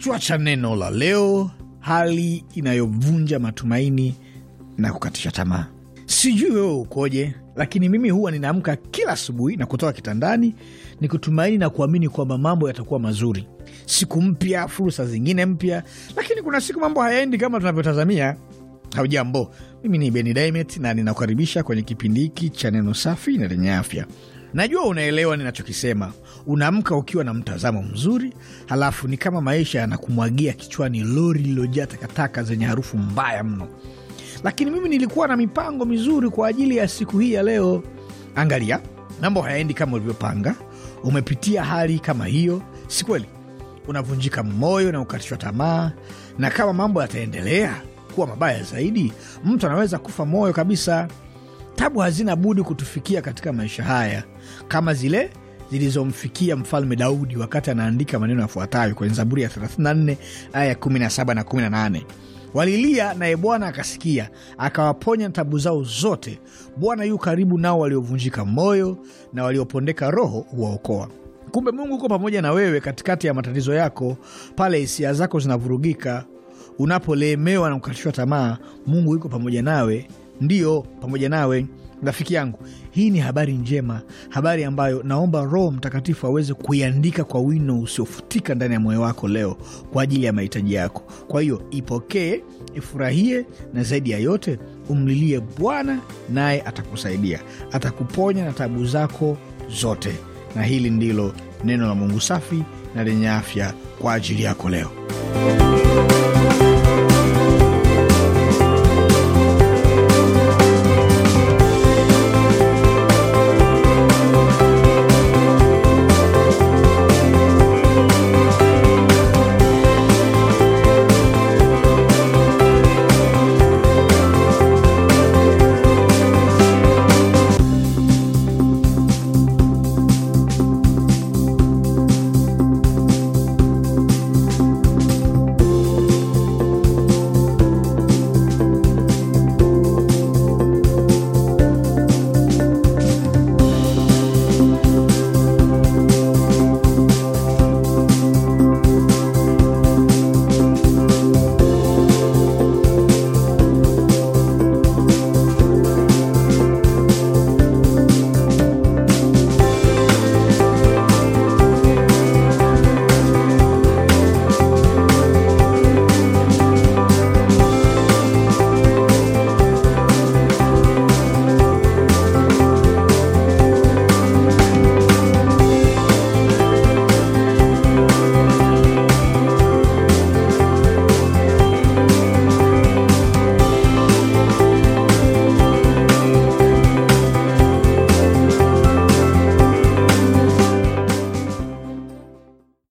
Kichwa cha neno la leo: hali inayovunja matumaini na kukatisha tamaa. Sijui wewe ukoje, lakini mimi huwa ninaamka kila asubuhi na kutoka kitandani nikitumaini na kuamini kwamba mambo yatakuwa mazuri, siku mpya, fursa zingine mpya, lakini kuna siku mambo hayaendi kama tunavyotazamia. Haujambo, mimi ni Beni na ninakukaribisha kwenye kipindi hiki cha neno safi na lenye afya. Najua unaelewa ninachokisema. Unaamka ukiwa na mtazamo mzuri, halafu ni kama maisha yanakumwagia kichwani lori lililojaa takataka zenye harufu mbaya mno. Lakini mimi nilikuwa na mipango mizuri kwa ajili ya siku hii ya leo. Angalia, mambo hayaendi kama ulivyopanga. Umepitia hali kama hiyo, si kweli? Unavunjika moyo na ukatishwa tamaa, na kama mambo yataendelea kuwa mabaya zaidi, mtu anaweza kufa moyo kabisa tabu hazina budi kutufikia katika maisha haya kama zile zilizomfikia mfalme Daudi wakati anaandika maneno yafuatayo kwenye Zaburi ya 34 aya ya 17 na 18: Walilia naye Bwana akasikia, akawaponya tabu zao zote. Bwana yu karibu nao waliovunjika moyo, na waliopondeka roho huwaokoa. Kumbe Mungu uko pamoja na wewe katikati ya matatizo yako, pale hisia zako zinavurugika, unapolemewa na kukatishwa tamaa. Mungu yuko pamoja nawe Ndiyo, pamoja nawe rafiki yangu. Hii ni habari njema, habari ambayo naomba Roho Mtakatifu aweze kuiandika kwa wino usiofutika ndani ya moyo wako leo kwa ajili ya mahitaji yako. Kwa hiyo ipokee, ifurahie, na zaidi ya yote umlilie Bwana, naye atakusaidia, atakuponya na tabu zako zote. Na hili ndilo neno la Mungu safi na lenye afya kwa ajili yako leo.